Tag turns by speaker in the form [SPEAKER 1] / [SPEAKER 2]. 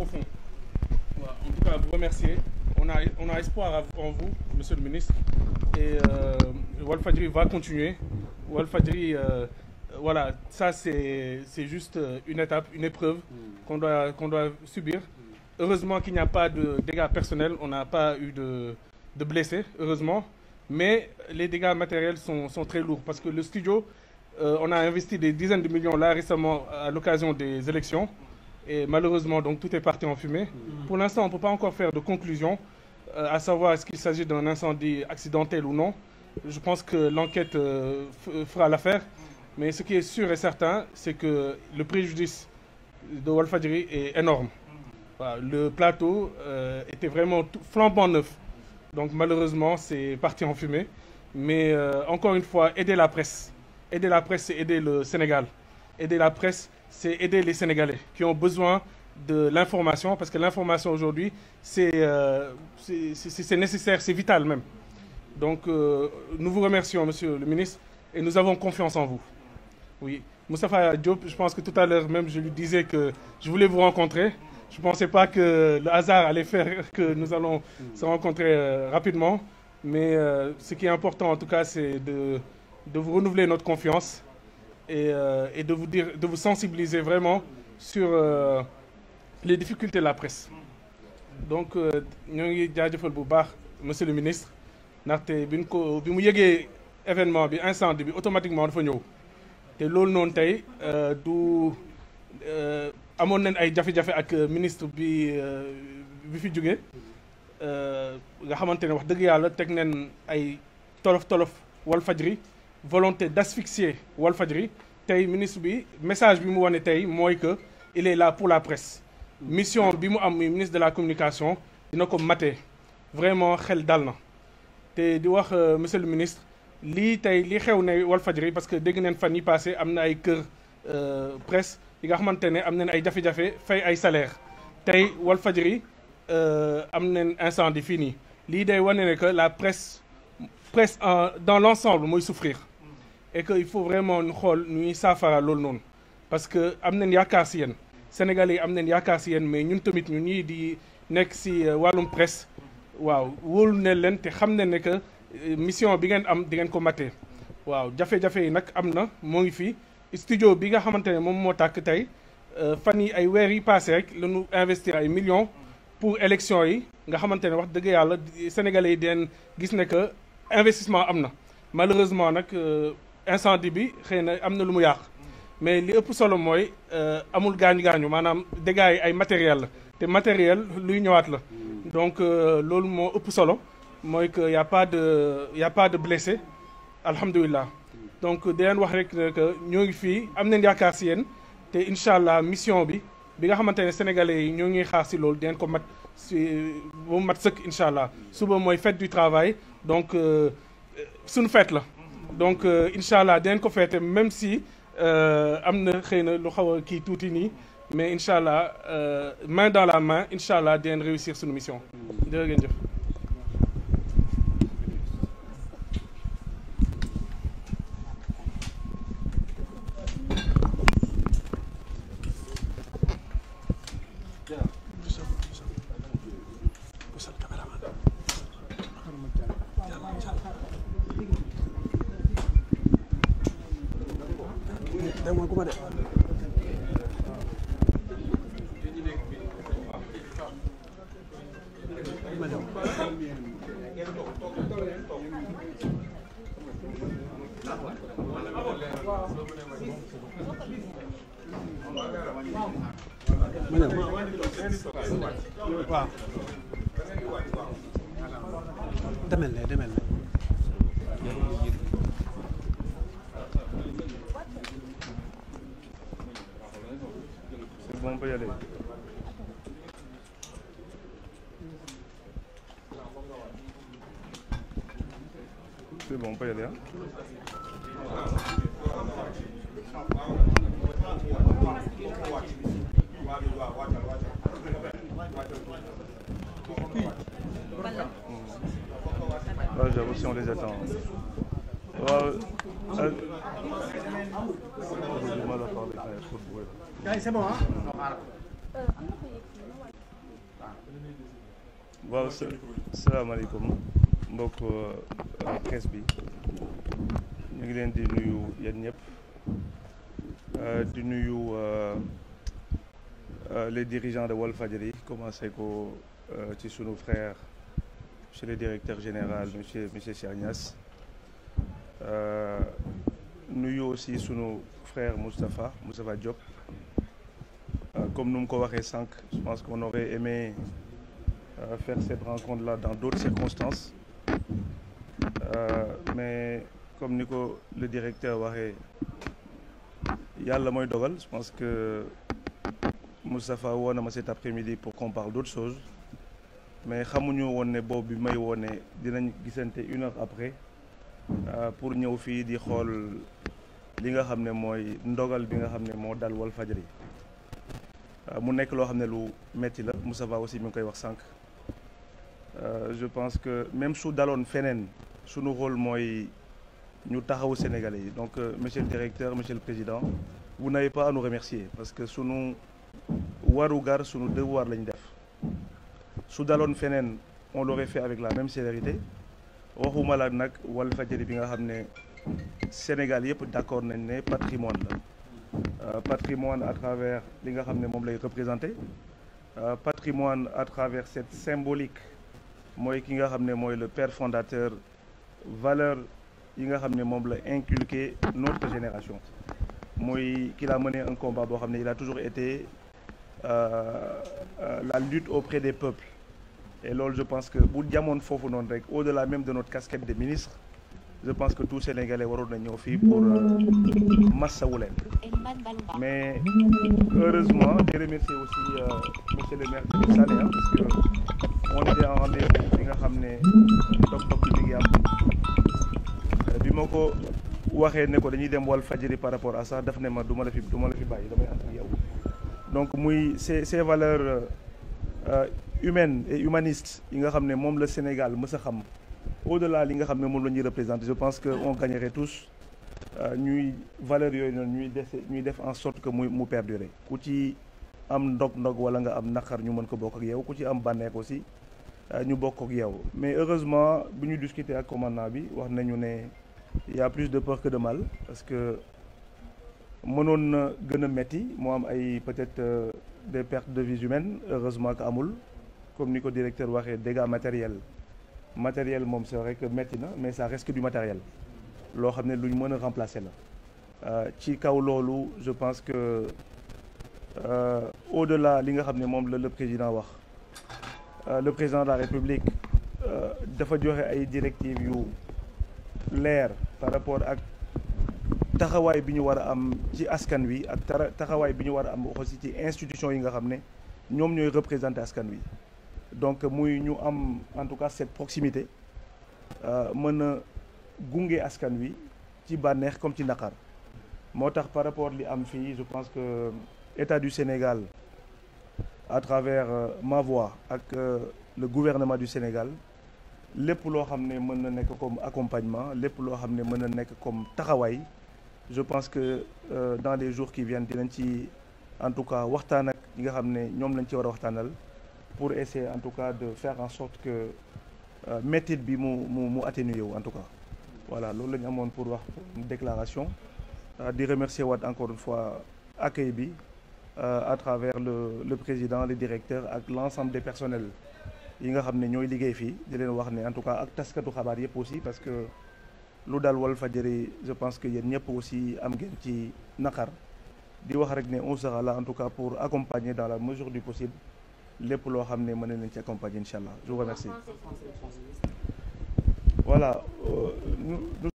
[SPEAKER 1] profond. Voilà. En tout cas, vous remercier. On a, on a espoir en vous, monsieur le ministre. Et euh, Walfadri va continuer. Walfadri, euh, voilà, ça c'est juste euh, une étape, une épreuve mm. qu'on doit, qu'on doit subir. Heureusement qu'il n'y a pas de dégâts personnels, on n'a pas eu de, de blessés, heureusement. Mais les dégâts matériels sont, sont très lourds parce que le studio, euh, on a investi des dizaines de millions là récemment à l'occasion des élections. Et malheureusement, donc, tout est parti en fumée. Mmh. Pour l'instant, on ne peut pas encore faire de conclusion, euh, à savoir est-ce qu'il s'agit d'un incendie accidentel ou non. Je pense que l'enquête euh, euh fera l'affaire. Mais ce qui est sûr et certain, c'est que le préjudice de Walfadjiri est énorme. Mm. Voilà, le plateau euh, était vraiment tout, flambant neuf. Donc malheureusement, c'est parti en fumée. Mais euh, encore une fois, aider la presse. Aider la presse, c'est aider le Sénégal. Aider la presse, c'est aider les Sénégalais qui ont besoin de l'information parce que l'information aujourd'hui c'est euh, c'est nécessaire, c'est vital même. Donc euh, nous vous remercions monsieur le ministre et nous avons confiance en vous. Oui, Moustapha Diop, je pense que tout à l'heure même je lui disais que je voulais vous rencontrer. Je ne pensais pas que le hasard allait faire que nous allons se rencontrer euh, rapidement, mais euh, ce qui est important en tout cas c'est de de vous renouveler notre confiance et, euh, et de vous dire, de vous sensibiliser vraiment sur euh, les difficultés la presse donc euh, ñoo ngi jaajëfal bu baax monsieur le ministre ndaxte bi ñu ko bi mu yëgee événement bi incendie bi automatiquement dafa ñëw te loolu noonu tey du amoon nañ ay jafe-jafe ak ministre bi bi fi jóge nga xamante ne wax dëgg yàlla teg nañ ay tolof tolof ri volonté d'asphyxier Walfadjri tey ministre bi message bi mu wane tey mooy que il est là pour la presse mission bi mu am muy ministre de la communication dina ko matee vraiment xel dal na te di wax euh, monsieur le ministre lii tey li xew ne Walfadjri parce que dégg neen fan yi passé am na ay kër euh, presse yi nga xamante ne am nañ ay jafe-jafe fay ay salaire tey Walfadjri euh, am nañ incendie fii nii lii day wane ne que la presse presse dans l'ensemble mooy souffrir et que il faut vraiment ñu xool ñuy saafara loolu noonu parce que am nañ yaakaar si yéen Sénégalais yi am nañ yaakaar si yéen mais ñun tamit ñu ñii di nekk si euh, wàllum presse waaw wóolu ne leen te xam ne ne que euh, mission bi ngeen am di ko matee waaw jafe yi nag am na moo ngi fi studio bi nga xamante ne moom moo tàkk tey euh, fan yi ay weer yi passé rek lanu ñu investir ay millions pour élection yi nga xamante ne wax dëgg yàlla sénégalais yi den gis ne que investissement am na malheureusement nag incendie bi xëy na am na lu mu yàq mais li ëpp solo mooy euh, amul gaañu-gaañu maanaam dégâts yi ay matériel la te matériel luy ñëwaat la donc euh, loolu moo ëpp solo mooy que y a pas de blessé alhamdulilah donc di leen wax rek ne ñoo ngi fii am nañ yaakaar si yéen te incha allah mission bi bi nga xamante ne sénégalais yi ñoo ngi xaar si loolu dinañ ko mat si bu mat sëkk incha allah suba mooy fête du travail donc euh, suñu fête la donc euh, incha allah dinañ ko feete même si euh, am na xëy na lu xaw a kii tuuti nii mais incha allah euh, main dans la main incha allah dinañ réussir suñu mission jërë ngeen te eh, mooy ku ma de waaw demel ne demel ne
[SPEAKER 2] peut y aller. C'est bon, on peut y aller. Hein? Là, ah, j'avoue, si on les attend. Wow. Diagne c'est mbokk euh, presse bi ñu ngi leen di nuyu yéen ñëpp euh, di nuyu euh, les dirigeants de Walfadjri commencé ko ci sunu frère monsieur le directeur général monsieur monsieur Cheikh Niass nuyu aussi sunu frère Moustapha Moustapha Diop. comme nous ko waxee cinq je pense qu'on aurait aimé euh, faire cette rencontre là dans d'autres circonstances euh, mais comme ni ko le directeur waxee yàlla mooy dogal je pense que Moustapha woo na ma cet après-midi pour qu'on parle d'autres mais xamuñu woon ne boobu bi may woon dinañ gisante une heure après euh, pour ñëw fii di xool li nga xam ne mooy ndogal bi nga xam ne moo dal yi Euh, mu nekk loo xam ne lu metti la Moussa Va aussi mi ngi koy wax sànq euh, je pense que même su daloon feneen sunu rôle mooy ñu taxawu Sénégalais yi donc euh, monsieur le directeur monsieur le président vous n'avez pas à nous remercier parce que sunu warugar sunu devoir lañu def su daloon feneen on l'aurait fait avec la même célérité waxuma la nag bi nga xam ne Sénégal yëpp d'accord nañ ne patrimoine la Euh, patrimoine à travers li nga xam ne moom lay représenté euh, patrimoine à travers cette symbolique mooy ki nga xam ne mooy le père fondateur valeur yi nga xam ne moom la inculqué notre génération mooy qu'il a mené un combat boo xam ne il a toujours été euh, euh, la lutte auprès des peuples et loolu je pense que bu jamoon foofu non rek au-delà même de notre casquette de ministre je pense que tout Sénégalais waroon na ñëw fii pour euh, massawu leen mais heureusement di remercier aussi euh, monsieur le maire de Sané parce que on était nga xam ne dog-dog bi ngi am euh, bi ma ko waxee ne ko dañuy dem wal fajiri par rapport à ça daf ne ma du la fi du la fi bàyyi damay ànd ak yow donc muy ces ces valeur humaines et humanistes yi nga xam ne moom la Sénégal mës a xam au-delà li nga xam ne moom la ñuy je pense que on gagnerait tous euh, ñuy valeurs yooyu noonu ñuy def ñuy def en sorte que muy mu perdurer ku ci am ndog-ndog wala nga am naqar ñu mën ko bokk ak yow ku ci am bànneex aussi euh, ñu bokk ak yow mais heureusement bu ñu discuter ak commandant bi wax nañu ne y plus de peur que de mal parce que mënoon gën a metti moo am ay peut-être euh, des pertes de vies humaines heureusement ko amul comme ni ko directeur waxee dégâts matériels matériel moom c'est vrai que métti na mais ça reste que du matériel loo xam ne lu ñu mën a remplacer la euh, ci kaw loolu je pense que euh, au-delà li nga xam ne moom la le président wax euh, le président de la République euh, dafa joxe ay directives yu leer par rapport ak taxawaay bi ñu war a am ci askan wi ak taxawaay bi ñu war a am aussi ci institution yi nga xam ne ñoom ñooy représenter askan wi donc muy ñu am en tout cas cette proximité euh, mën na gunge askan wi ci bànneex comme ci naqar moo tax par rapport li am fii je pense que état du Sénégal à travers euh, ma voix ak euh, le gouvernement du Sénégal lépp loo xam ne mën na nekk comme accompagnement lépp loo xam ne mën na nekk comme taxawaay je pense que dans les jours qui viennent dinañ ci en tout cas waxtaan ak ñi nga xam ne ñoom lañ ci war a waxtaanal pour essayer en tout cas de faire en sorte que euh, métit bi mu mu mu atténuer wu en tout cas voilà loolu lañu amoon pour wax déclaration euh, di remercier waat encore une fois accueil bi euh, à travers le le président le directeur ak l'ensemble des personnels yi nga xam ne ñooy liggéey fii di leen wax ne en tout cas ak taskatu xabaar yëpp aussi parce que lu dal Walfadjri je pense que yéen ñëpp aussi am ngeen ci naqar di wax rek ne on sera en tout cas pour accompagner dans la mesure du lépp loo xam ne mën na leen ci accompagner incha allah je vous remercie voilà euh,